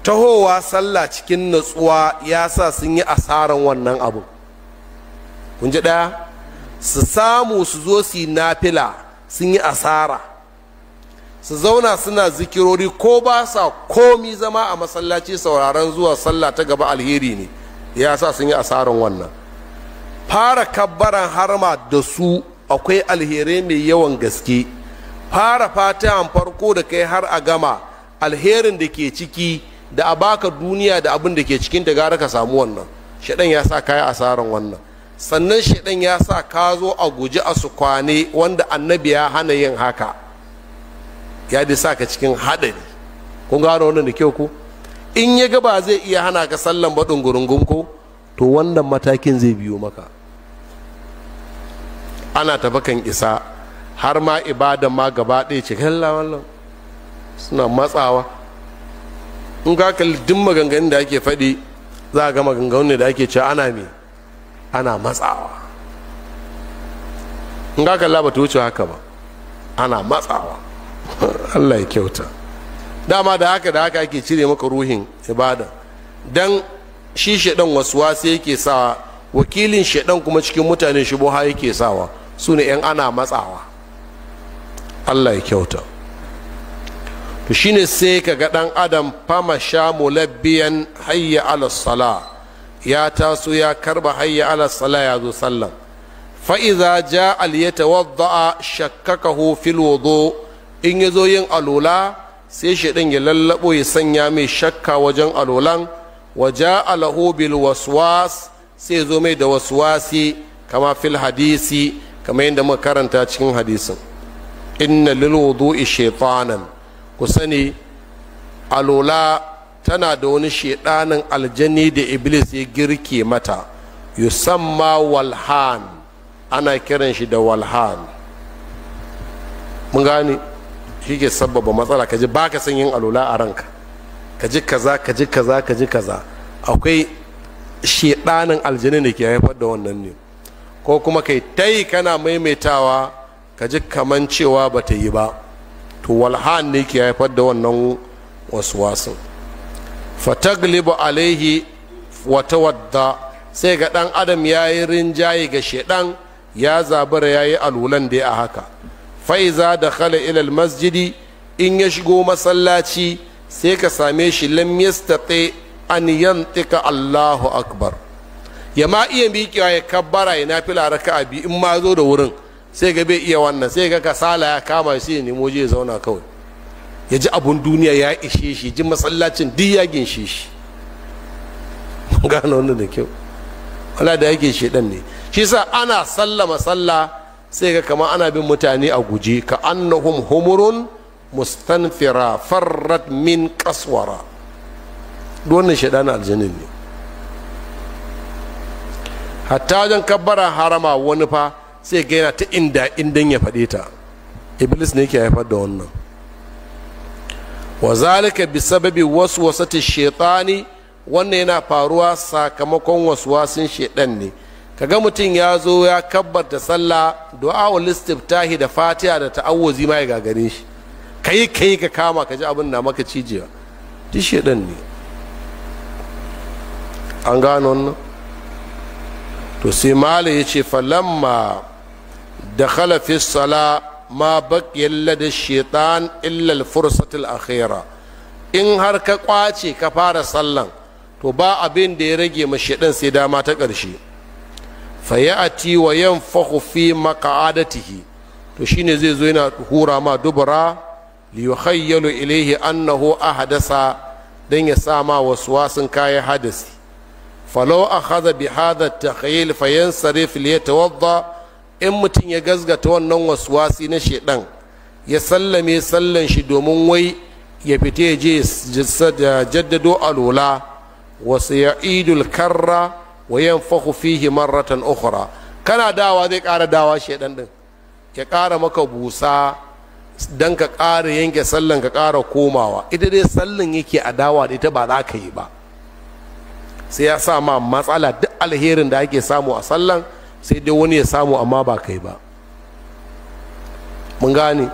tahowa sallah cikin natsuwa ya sa sun yi asaran wannan abu kun ji ɗaya su samu su zo su yi nafila sun yi asara su zauna suna zikirori ko ba sa komi zama a masallaci sauraron zuwa sallah ta gaba alheri ne ya sa sun yi asaran wannan fara kabbaran harma da su akwai alherai mai yawan gaske fara fatihan farko da kai har a gama alherin da ke ciki da a baka duniya da abin da ke cikin da gara ka samu wannan shaɗan ya sa kayi asaran wannan sannan shaɗan ya sa ka zo a guji a su kwane wanda annabi ya hana yin haka ya bi sa ka cikin haɗari kun gano wannan da kyau ko in ya ga ba zai iya hana ka sallan baɗin gurungun ko to wannan matakin zai biyo maka ana tafi kan isa har ma ibadan ma gaba ɗaya ce kallon suna matsawa in ka kalli duk maganganun da ake faɗi za a ga maganganun da ake cewa ana me ana matsawa in ka kalla ba ta wuce haka ba ana matsawa allah ya kyauta dama da haka da haka ake cire maka ruhin ibada dan shi shaɗan wasu wasu yake sawa wakilin shaɗan kuma cikin mutane shi shubuha yake sawa su ne 'yan ana matsawa allah ya kyauta to shi ne sai ka ga ɗan adam fama sha mulabbiyan hayya ala ya taso ya karba hayya ala ya zo sallan fa'iza ja aliyata a shakkakahu fil wudu in ya zo yin alula sai shaɗin ya lallaɓo ya sanya mai shakka wajen alolan waja alahu bil waswas sai zo mai da waswasi kama fil hadisi kamar yadda muka karanta cikin hadisin inna lil wudu'i shaytanan ku sani alola tana da wani shaidanin aljani da iblis ya girke mata yusamma walhan ana kiran shi da walhan mun gane shi sababa matsala kaji ba ka san yin alola a ranka kaji kaza kaji kaza kaji kaza akwai shaidanin aljani da ke haifar da wannan ne ko kuma kai ta yi kana maimaitawa ka ji kaman cewa ba ta yi ba to walhan ne ke haifar da wannan wasu fataglibu alaihi wata wadda sai ga ɗan adam ya yi rinjaye ga shaɗan ya zabara ya yi alulan da a haka fa'iza da khala ilal masjidi in ya shigo masallaci sai ka same shi lam yastati an yantika allahu akbar ya ma iya miƙewa ya kabbara ya raka a biyu in ma zo da wurin sai ga bai iya wannan sai ga kasala ya kama shi ya nemo je ya zauna kawai ya ji abun duniya ya ishe shi ji masallacin duk ya ginshe shi gano wannan da kyau wala da yake shedan ne shi sa ana sallama sallah sai ga kama ana bin mutane a guje ka annahum humurun mustanfira farrat min kaswara duk wannan shedan aljanin ne hatta wajen kabbara harama wani fa sai ga yana ta inda indan ya faɗe ta iblis ne ke haifar da wannan Wazalika bi sababi wasu waswasati shaitani wannan yana faruwa sakamakon waswasin shaitan ne kaga mutum ya zo ya kabbarta sallah du'a wa Tahi da fatiha da ta'awuzi ma ya gagare shi kai kai ka kama ka ji abin na maka cijiya duk shaitan ne an gano wannan to sai mala ya ce falamma da khalafis sala ma baƙiyalla da shaitan illal fursatul akhira in har ka kwace ka fara sallan to ba abin da ya rage ma shaitan sai dama ta ƙarshe fa ya'ti wa yanfahu fi maq'adatihi to shine zai zo yana hura ma dubura li ilaihi ilayhi annahu ahdasa dan ya sa ma wasan kayan hadasi falau akhadha bi hadha at fayansarif liyatawadda in mutum ya gazgata wannan waswasi na shedan ya sallame sallan shi domin wai ya fita ya je jaddado alula wasu ya idul karra wa yan fahu fihi marratan ukhra kana dawa zai ƙara dawa shedan din ya ƙara maka busa don ka ƙara yanke sallan ka ƙara komawa ita dai sallan yake adawa da ita ba za ka yi ba sai ya sa ma matsala duk alherin da ake samu a sallan sai dai wani ya samu amma ba kai ba mun gane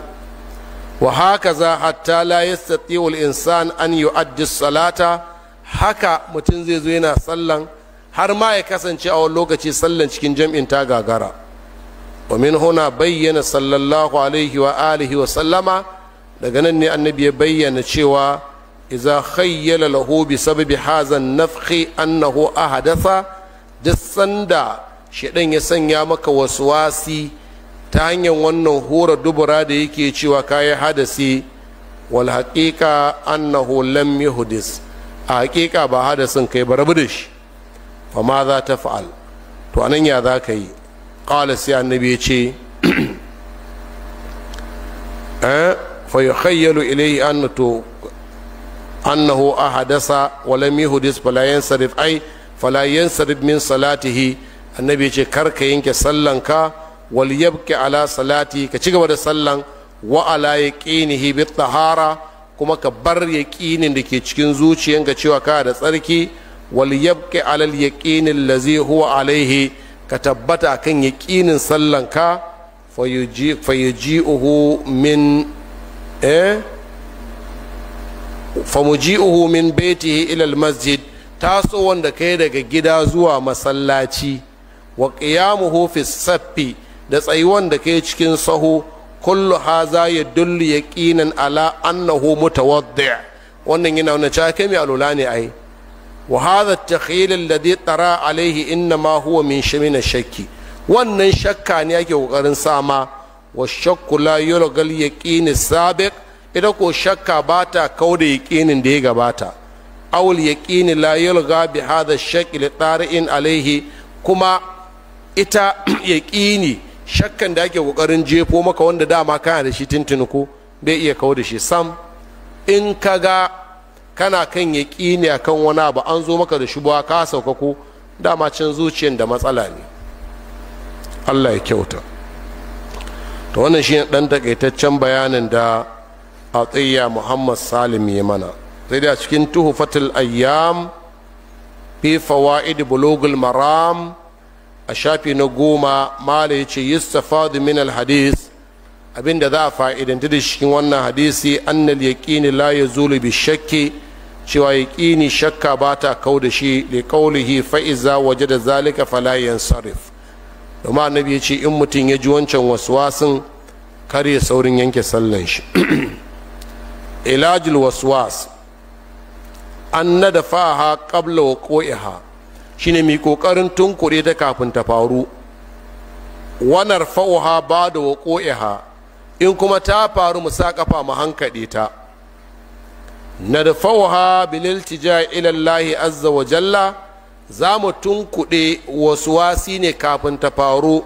wa haka za hatta la yastati insan an yu'addi salata haka mutum zai zo yana sallan har ma ya kasance a wani lokaci sallan cikin jam'in ta gagara wa min huna bayyana sallallahu alaihi wa alihi wa sallama daga nan ne annabi ya bayyana cewa iza khayyala lahu bi sababi hazan nafhi annahu ahadatha duk sanda shedan ya sanya maka wasi ta hanyar wannan hura dubara da yake cewa kayi hadasi wal haqiqa annahu lam yuhdis a haqiqa ba hadasin kai ba rabu da shi fa ma za ta fa'al to ya za ka yi annahu ahadasa wa lam yuhdis fala yansarif ai min salatihi annabi ce kar ka yanke sallanka wal yabki ala salati ka ci gaba da sallan wa ala yaqinihi bi tahara kuma ka bar yaqinin da ke cikin ga cewa ka da tsarki wal yabki ala al yaqini allazi huwa alaihi ka tabbata kan yaqinin sallanka fayuji uhu min eh Fa mu ji uhumin baitihi ilal masjid taso wanda kai daga gida zuwa masallaci Waƙiyamu qiyamuhu fi saffi da tsayuwan da kai cikin saho kullu haza ya dullu yaqinan ala annahu mutawaddi' wannan yana nuna cewa mai alula ne ai wa hadha at-takhyil alladhi tara alayhi inna ma huwa min shamin shakki wannan shakka ne yake kokarin sama wa shakku la yulgal yaqin sabiq ita ko shakka ba ta kau da yaƙinin da ya gabata awul yaƙini la yulga bi hadha shakki li tari'in alaihi kuma ita yaƙini shakkan da ake ƙoƙarin jefo maka wanda dama kana da shi tintini ko bai iya kau da shi sam in ka ga kana kan yaƙini akan wani abu an zo maka da ba ka sauka ko dama can zuciyar da matsala ne allah ya kyauta to wannan shi ne ɗan takaitaccen bayanin da a muhammad salim ya mana sai da cikin tuhufatul ayyam fi fawaid bulugul maram a shafi na goma mala ya ce yustafadu min hadis abinda za a fa'idanci da cikin wannan hadisi annal yaqini la yazulu bi shakki cewa yaqini shakka ba ta kau da shi li qawlihi fa iza wajada zalika fala yansarif domin annabi ya ce in mutum ya ji wancan waswasin kare saurin yanke sallan shi ilajil waswas an na da faha ƙabla wa ƙo'iha shi ne mai tun tunkure ta kafin ta faru wanar fa'uha ba da wa ƙo'iha in kuma ta faru mu sa ƙafa mu hankali ta na da fa'uha bilil tija ilallahi azza wa jalla za mu tunkuɗe wasu wasi ne kafin ta faru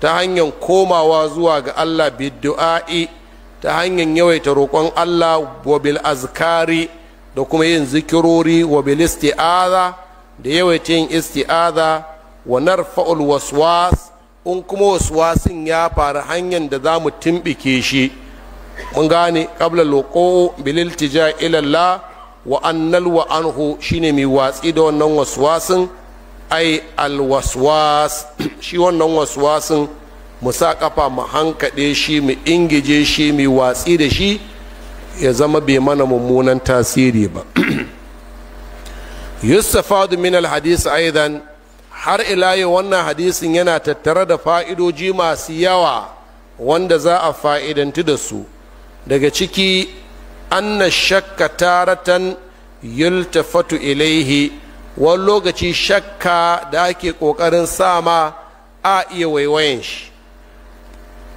ta hanyar komawa zuwa ga allah biddu'a'i ta hanyar yawaita roƙon Allah wa bil azkari da kuma yin zikirori wa bil isti'aza da yawaita yin isti'aza wa narfa'ul waswas in kuma waswasin ya faru hanyar da za mu timbike shi mun gane ƙabla loqo bil iltija ila Allah wa annal wa anhu shine mai watsi da wannan waswasin ai al waswas shi wannan waswasin mu sa kafa mu hankaɗe shi mu ingije shi mu watsi da shi ya zama bai mana mummunan tasiri ba yustafadu min alhadis aidan har ila yau wannan hadisin yana tattare da fa'idoji masu yawa wanda za a fa'idanti da su daga ciki anna shakka taratan yultafatu ilaihi wani lokaci shakka da ake ƙoƙarin sama a iya waiwayen shi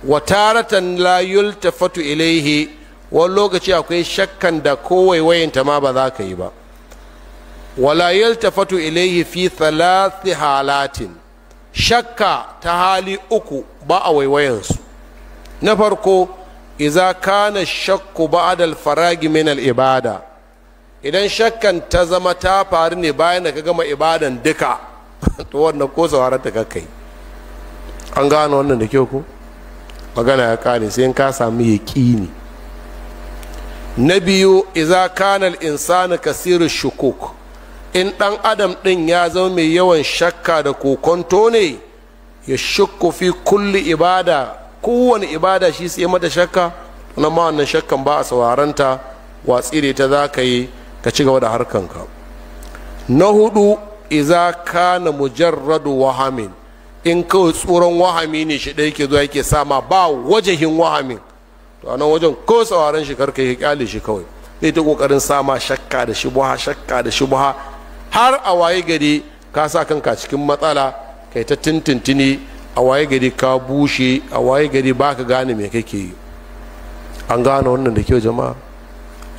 wa taratan la yultafatu ilaihi wani lokaci akwai shakkan da kowai wayanta ma ba za ka yi ba wala yultafatu ilaihi fi thalathi halatin shakka ta hali uku ba a waiwayansu na farko iza kana shakku ba'da al-faragi min al-ibada idan shakkan ta zama ta faru ne bayan da ka gama ibadan duka to wannan ko sauraron ta kai an gano wannan da kyau ko magana ya kare sai in ka samu yaƙini na biyu iza kanal insani kasiru shukuk in ɗan adam ɗin ya zama mai yawan shakka da kokonto ne ya shukku fi kulli ibada kowane ibada shi sai mata shakka na ma shakkan ba a sauraranta watsi da ta za ka yi ka ci gaba da harkanka na hudu iza kana mujarradu wahamin in kawai tsoron wahami ne shi ɗaya ke zuwa yake sama ba wajahin wahamin to a nan wajen ko sauraron shi karka ya kyale shi kawai zai ta kokarin sama shakka da shubha shakka da shubha har a waye gari ka sa kanka cikin matsala kai ta tintintini a waye gari ka bushe a waye gari ka gane me kake yi an gane wannan da kyau jama'a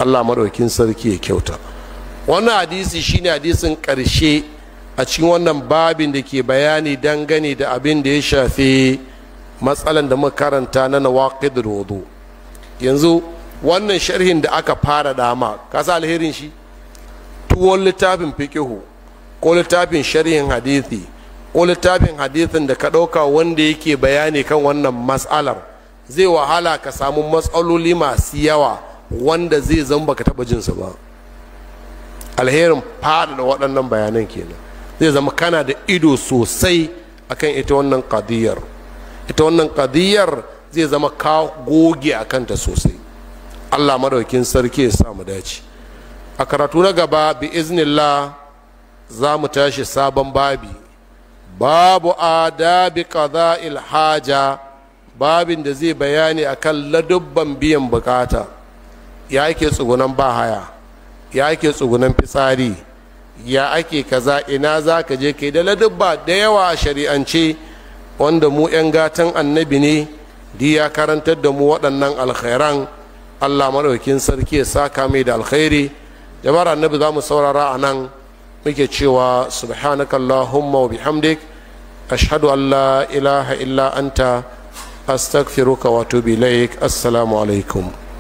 Allah madaukin sarki ya kyauta wannan hadisi shine hadisin ƙarshe. a cikin wannan babin da ke bayani dangane da abin da ya shafi matsalan da muka karanta na nawaqid wudu yanzu wannan sharhin da aka fara dama ka sa alherin shi tuwon littafin fiqihu ko littafin sharhin hadithi ko littafin hadithin da ka ɗauka wanda yake bayani kan wannan matsalar zai wahala ka samu matsaloli masu yawa wanda zai zan baka taɓa jinsu ba alherin da waɗannan bayanan kenan zai zama kana da ido sosai akan ita wannan kadiyar ita wannan kadiyar zai zama ka goge a kanta sosai allah madaukin sarki ya sa dace a karatu na gaba bi iznillah za mu tashi sabon babi babu adabi kaza ilhaja babin da zai bayani akan ladubban biyan bukata ya ke tsugunan bahaya ya ke tsugunan fitsari ya ake kaza ina za ka je kai da ladubba da yawa a shari'ance wanda mu 'yan gatan annabi ne di ya karantar da mu waɗannan alkhairan allah maɗaukin sarki ya saka mai da alkhairi jama'ar annabi za mu saurara a nan muke cewa allahumma wa bihamdik ashhadu an la ilaha illa anta astaghfiruka wa atubu ilaik assalamu alaikum